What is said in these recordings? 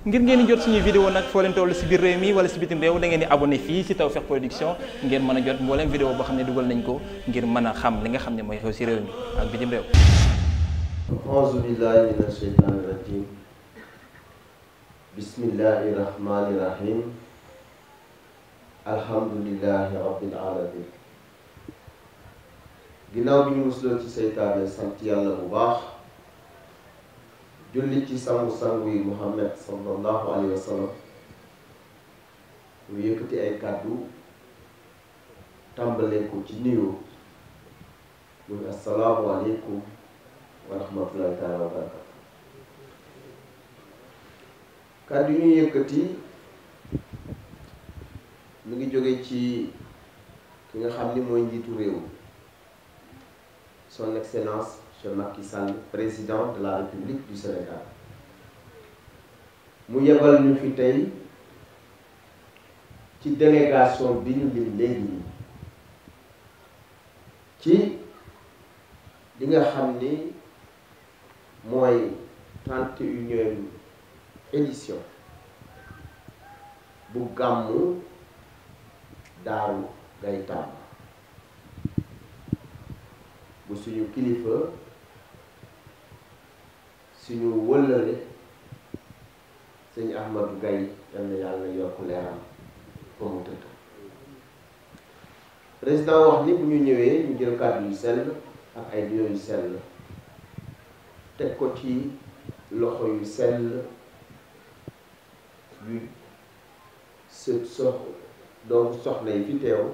ngir ngeen di jot suñuy vidéo nag foo leen si biir réew mi wala si bitim réew da ngeen di abonné fii si Tawfekh Production ngeen mën a jot mbooleem vidéo boo xam ne dugal nañ ko ngir mën a xam li nga xam ne mooy xew si réew mi ak bitim réew auzu billahi mina sheytaani rajim bismillahi rahmani rahim alhamdulillahi rabbil alamin ginnaaw bi ñu musloo ci seytaane sant yàlla bu baax julli ci sangu sangu yi muhammad sallallahu alayhi wa sallam mu yëkkati ay kàddu tàmbaleeku ci nuyoo muy assalaamu aleykum wa rahmatullahi taala kàddu yi ñu yëkkati mu ngi jóge ci ki nga xam ni mooy njiitu réew son excellence Monsieur Macky Sall président de la République du Sénégal mu yebal ñu fi tey ci délégation bi ñu lim léegi nii ci li nga xam ni mooy trente et unième édition bu gàmmu Daaru Gaïtane bu suñu kilifa suñu wëllëre sëñ Ahmadou Gaye yal na yàlla yokk leeram ba mu tëdd président wax ni bu ñu ñëwee ñu jël kàddu yu sell ak ay diyo yu sell teg ko ci loxo yu sell yu sët sox doomu soxna yi fi teew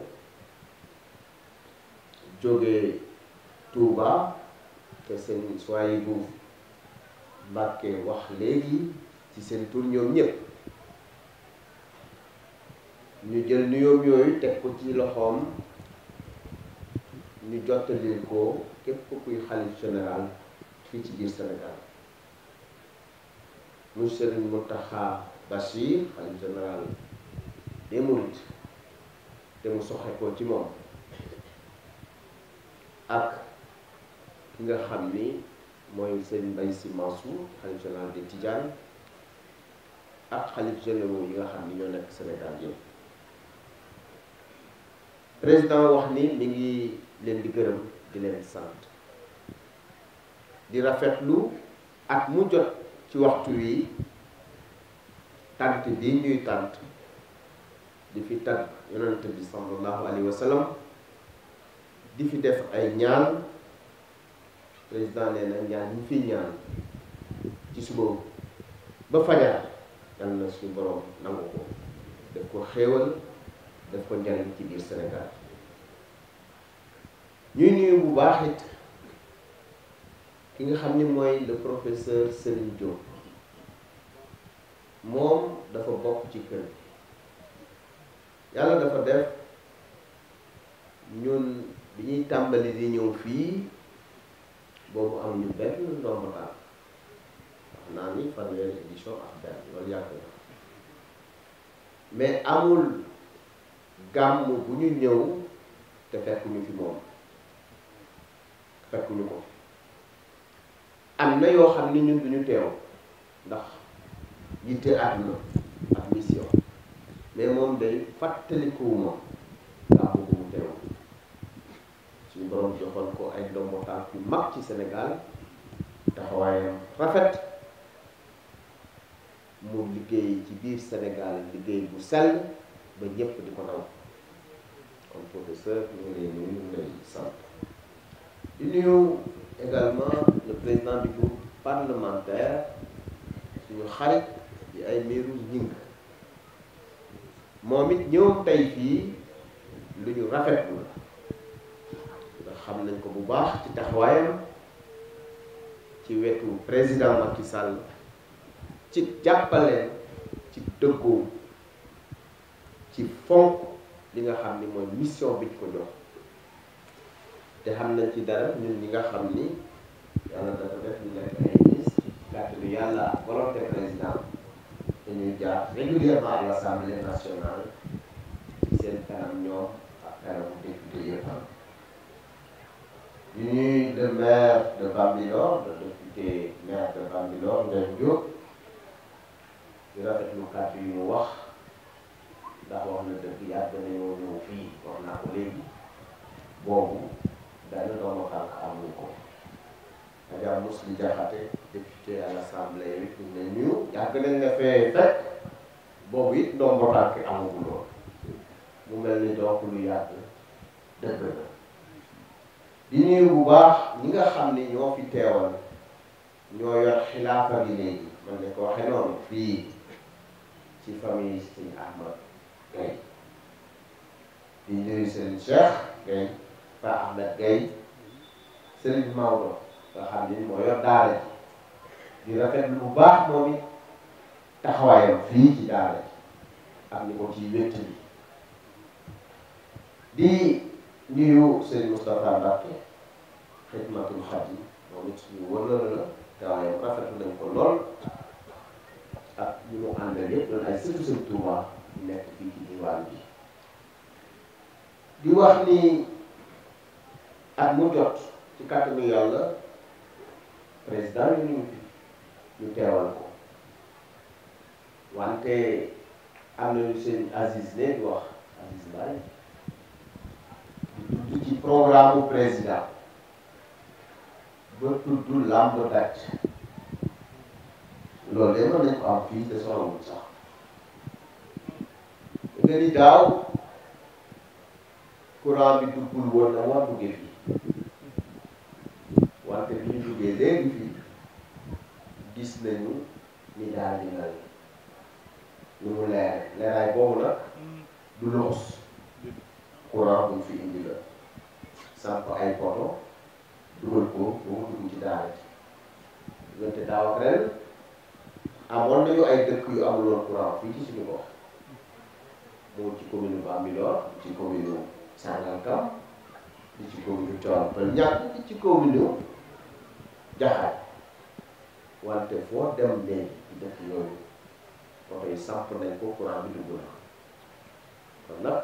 te seen soix yi buuf Mbàkke wax léegi ci seen tur ñoom ñu jël nuyoom yooyu teg ko ci loxoom ñu jottalil ko képp kuy xalif général fii ci biir Sénégal muy Serigne Mountakha Bassir xalif général des Mourides te mu soxe ko ci moom ak ki nga xam ni mooy seen Mbaye Sy Mansour xalif général des Tidianes ak xalif généraux yi nga xam ni ñoo nekk Sénégal yëpp président wax ni li ngi leen di gërëm di leen sant di rafetlu ak mu jot ci waxtu wi tant bi ñuy tant di fi tagg yonent bi sallallahu alayhi wa di fi def ay ñaan président nee na ñaan ñu fi ñaan ci suba ba fajar yàlla na suñu borom nangu ko daf ko xéewal daf ko njariñ ci biir Sénégal ñuy nuyu bu baax ki nga xam ni mooy le professeur Serigne Diop moom dafa bokk ci kër yàlla dafa def ñun bi ñuy tàmbali li ñëw fii boobu amuñu benn ndombo daal wax naa ni fanweeri édition ak benn loolu yàgg na mais amul gàmm bu ñu ñëw te fekkuñu fi moom fekkuñu ko am na yoo xam ni ñun ñu teew ndax yitte àdduna ak mission mais moom day fàttalikuwu moom daa mu teew suñu borom joxoon ko ay ndombo tànk yu mag ci Sénégal taxawaay rafet mu liggéey ci biir Sénégal liggéey bu sell ba ñépp di ko naw kon professeur ñu ngi lay nuyu sant di nuyu également le président du groupe parlementaire suñu xarit di ay miiru ñing moom it ñëwam tey fii lu ñu rafetlu xam nañ ko bu baax ci taxawaayam ci wetu président Macky sàll ci jàppale ci dëggoo ci fonk li nga xam ni mooy mission biñ ko jox te xam nañ ci dara ñun ñi nga xam ni yàlla dafa def ñu nekk ay ministre kàttanu yàlla volonté président dañuy jaar régulièrement à l'Assemblée nationale ci seen kanam ñoom ak kanamu député yëpp ni le maire de Bambilor le député maire de Bambilor Ngagne Diop di rafetlu kàddu yu mu wax ndax wax na dëgg yàgg nañoo ñëw fii wax naa ko léegi boobu benn doomu tànk amuñ ko Adja Mously Diakhaté député à l'assemblée it ñu ne ñu yàgg nañ nga fee fekk boobu it doomu tànk amagul woon mu mel ni donc lu yàgg dëgg la di nuyu bu baax ñi nga xam ne ñoo fi teewal ñoo yor xilaafa gi man ne ko waxe noonu fii ci famille Sëñ Ahmad Gaye di nuyu Sëriñ Cheikh Gaye Pa Ahmad Gaye Sëriñ Maodo nga xam ne moo yor daara di rafet lu baax moom it taxawaayam fii ci daara ji ni ko ciy wétt di nuyu Serigne Moustapha Mbacke xidmatul xadim moom it suñu wëllëre la tawaayam rafetlu nañ ko lool ak ñu mu àndal yëpp doon ay sëtu Serigne Touba nekk fii ci diwaan bi di wax ni ak mu jot ci kàttanu yàlla président yu ñu ñu teewal ko wante am nañu seen Aziz ne di wax Aziz Baye dugg ci programme président ba tudd làmb daj loolu de mën nañ ko am fii te soxlawul sax nga ni daaw courant bi duggul woon na war duggee fii ci commune Tivaouane ñàkk ci commune Jaxaay wante foo dem léegi dëkk yooyu oto yi sàpp nañ ko courant bi dugg na kon nag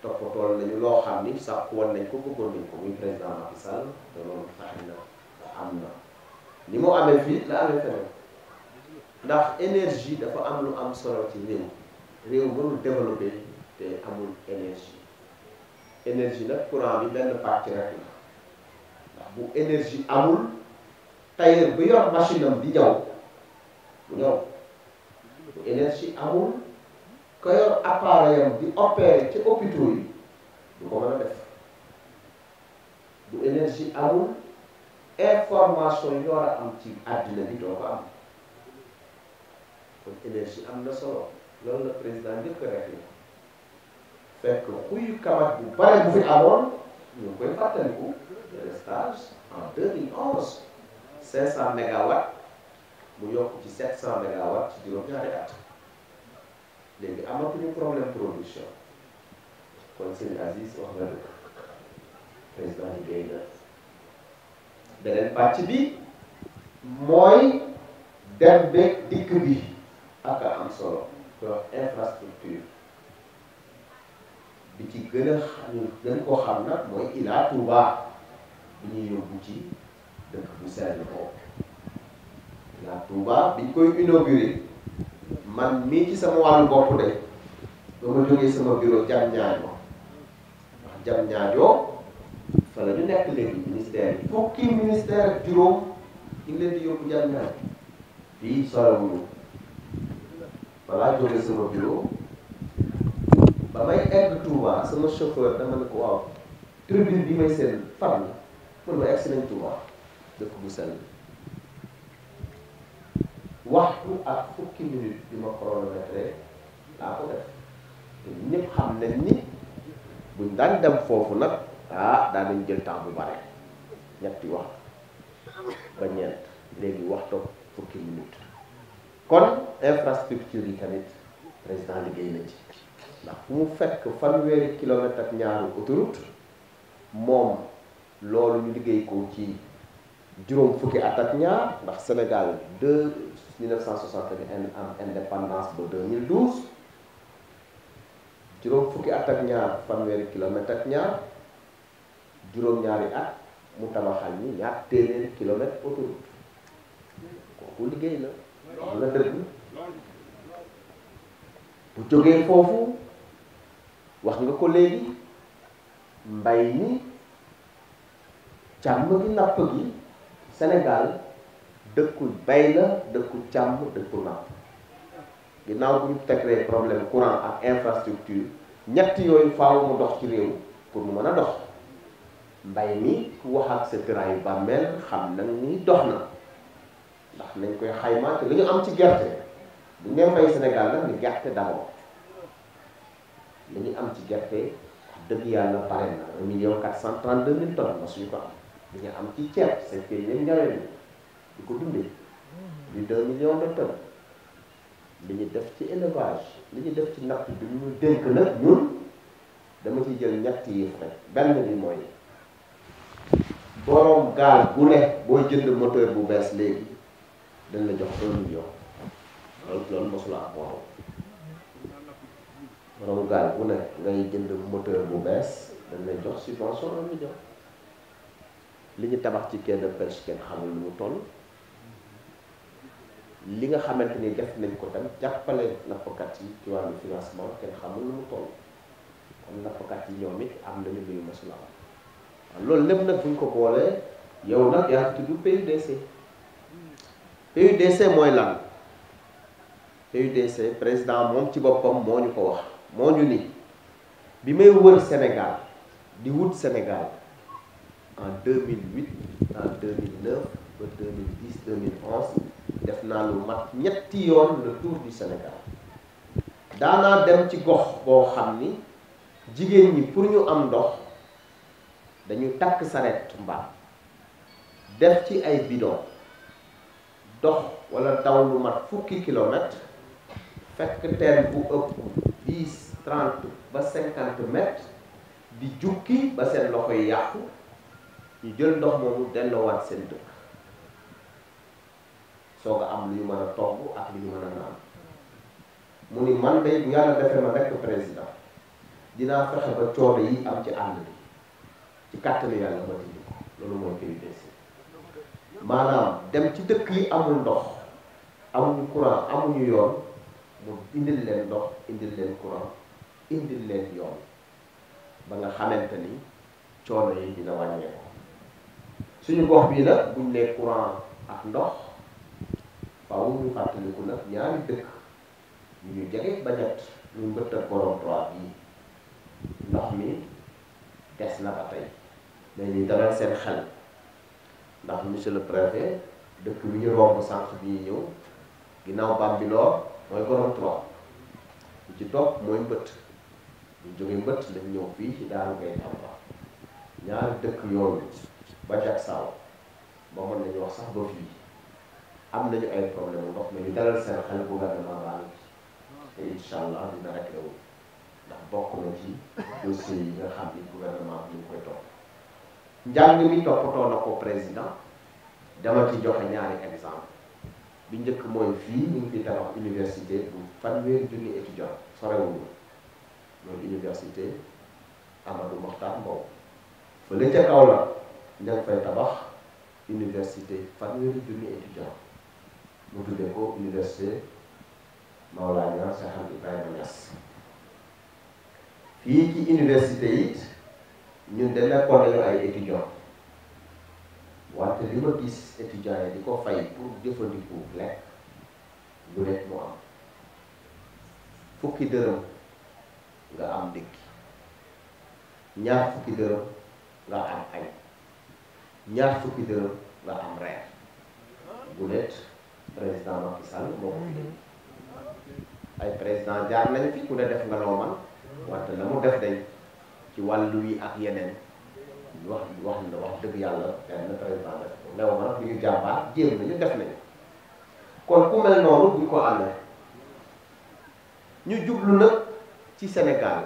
toppatoo nañu loo xam ni sàpp woon nañ ko bëggoon nañ ko muy président Macky Sall te loolu tax am na ni mu amee fii la amee feneen ndax énergie dafa am lu am solo ci réew réew mënul développé te amul énergie énergie nag courant bi benn pàcc rek la bu énergie amul tailleur bu yor machine am di jaw bu ñëw bu énergie amul ka yor appareil am di opérer ci hôpitaux yi du ko mën a def bu énergie amul information yi war a am ci àddina bi doo ko am kon am na solo loolu la président njëkk rek la fekk xuyu kawaj bu bare bu fi amoon ñu ngi koy fàttaliku délestage en 2011 500 mégawatts mu yokk ci 700 mégawatts ci juróom-ñaari at léegi amatuñu problème production kon sëñ Aziz wax nga dëgg président yi béy bi mooy dem beeg dikk bi ak solo donc infrastructure bi ci gën a xam gën koo xam nag mooy ilaa Touba bi ñuy yóbbu ci dëkk bu sell ilaa Touba bi ñu koy inauguré man mii ci sama wàllu bopp de ba ma jógee sama biro jam ñaajo ndax jam ñaajo fa la ñu ministère yi fukki ministère ak juróom ñu ngi leen jam ñaajo fii solo wuñu balaa jógee ba may egg Touba sama chauffeur dama ne ko waaw tribune bi may seen fan la pour ma egg si nañ Touba dëkk bu sell waxtu ak fukki minute bi ma chronométré laa ko def te xam nañ ni buñ daan dem foofu nag ah daa dañ jël temps bu bare ñetti wax ba ñeent léegi waxtu fukki minute kon infrastructure yi tamit président liggéey na ci ndax fu mu fekk fanweeri kilomètre ak ñaaru autoroute moom loolu ñu liggéey ko ci juróom fukki at ak ñaar ndax Sénégal de 1960 bi am indépendance ba 2012 juróom fukki at ak ñaar fanweeri kilomètre ak ñaar juróom-ñaari at mu tabaxal ñi ñaar téeméeri kilomètre autoroute kooku liggéey la la dëgg bu jógee foofu wax nga ko léegi mbay mi càmm gi napp gi Sénégal dëkku bay la dëkku càmm dëkku napp ginnaaw bu ñu tegree problème courant ak infrastructure ñett yooyu faaw mu dox ci réew pour mu mën a dox mbay mi ku wax ak sa tëraayu bàmmeel xam na ni dox na ndax nañ koy xayma te li am ci gerte bu ñu nee mbay Sénégal nag ni gerte daaw lañu am ci gerte dëgg yàlla bare na 1 million 432 mille tonnes masuñu ko am bi ñu am ci ceeb seen kër yëpp ñawee ni di ko dundee di 2 millions de tonnes li ñu def ci élevage li ñu def ci napp bi ñu dénk nag ñun dama ci jël ñett yëf rek benn bi mooy boroom gaal bu ne boo jënd moteur bu bees léegi dañ la jox 1 million loolu loolu mosul am borom gaal bu nekk ngay jënd moteur bu bees dañ lay jox subvention un million li ñu tabax ci quai de pêche kenn xamul lu mu toll li nga xamante ni def nañ ko tam jàppale nappkat yi ci wàllu financement kenn xamul lu mu toll kon nappkat yi ñoom it am nañu lu ñu mësul am loolu lépp nag buñ ko boolee yow nag yaa ngi tudd PUDC PUDC mooy lan PUDC président moom ci boppam moo ñu ko wax moo ñu ni bi may wër senegal di wut Sénégal en 2008 en 2009 ba 2010 2011 def naa lu mat ñetti yoon le tour du Sénégal daanaa dem ci gox boo xam ni jigéen ñi pour ñu am ndox dañu takk saret mbaam def ci ay bidon dox walla daw lu mat fukki kilomètre fekk teen bu ëpp dix trente ba cinquante mètres di jukki ba seen loxo yi yàqu ñu jël ndox moomu delloowaat seen dëkk soo nga am lu ñu mën a togg ak lu ñu mën a naan mu ni man day bu yàlla defee ma nekk président dinaa fexe ba coono yi am ci àll bi ci kàttanu yàlla ma ko loolu mooy priorité maanaam dem ci dëkk yi amul ndox amuñu courant amuñu yoon mu indil leen ndox indil leen courant indil leen yoon ba nga xamante ni coono yi dina wàññeeku suñu gox bii nag buñ ne courant ak ndox waaw ñu fàttaliku nag ñaari dëkk yu ñu jege bañat ñu mbëtt ak borom droit bii ndox mi des na ba tey dañuy dalal seen xel ndax monsieur le préfet dëkk bi ñu romb sànq bi ñëw ginnaaw Bambilor mooy borom tubaab bi ci topp mooy mbëtt ñu jóge mbëtt lañ ñëw fii ci daaru ngay Tamba ñaari dëkk yooyu ba jag saaw ba mën nañu wax sax ba fii am nañu ay problème ndox mais ñu dalal seen xel gouvernement baa ngi te incha allah dina réglé wu ndax bokk na ci dossiers yi nga xam ni gouvernement bi ñu koy topp njàng mi toppatoo na ko président dama ci joxe ñaari exemple bi njëkk mooy fii ñu ngi fi tabax université bu fanweeri junni étudiant sorewuñu loolu université Amadou Mokhtar Mbow fële ca la ña fay tabax université fanweeri junni étudiant mu tuddee ko université Maolana Cheikh Ibrahima Niass fii ci université it ñun de nekkoon ay étudiant que li ma gis étudiants yi di ko fay pour jëfandikoo lekk bu nekk mu am fukki dërëm nga am ndékki ñaar fukki dërëm nga am añ ñaar fukki dërëm nga am reer bu nekk président Macky Sall moo ko fi ay président jaar nañ fi ku ne def nga loo man wante la mu def day ci wàllu yi ak yeneen wax wax na wax dëgg yàlla benn président def ko néew ma nag bu ñu jàmbaar jéem nañu def nañu kon ku mel noonu buñ ko amee ñu jublu na ci Sénégal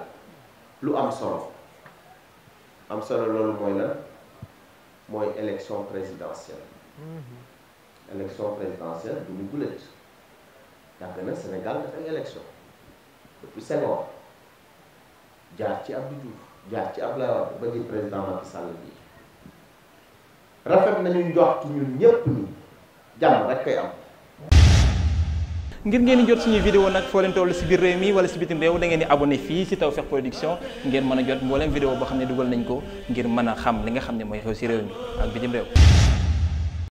lu am solo am solo loolu mooy lan mooy élection présidentielle mm-hmm. élection présidentielle du ñu gulet yàgg Sénégal dafay élection depuis Senghor jaar ci Abdou jaar ci Abdoulaye Wade ba président Macky bi rafet nañu jox ci ñu ñëpp ni jàmm rek koy am. ngir ngeen di jot suñuy vidéo nag foo leen toll si biir réew mi wala si bitim réew da ngeen di abonné fii si Tawfekh Production ngeen mën a jot mbooleem vidéo boo xam ne dugal nañ ko ngir mën a xam li nga xam ne mooy xew si réew mi ak bitim réew.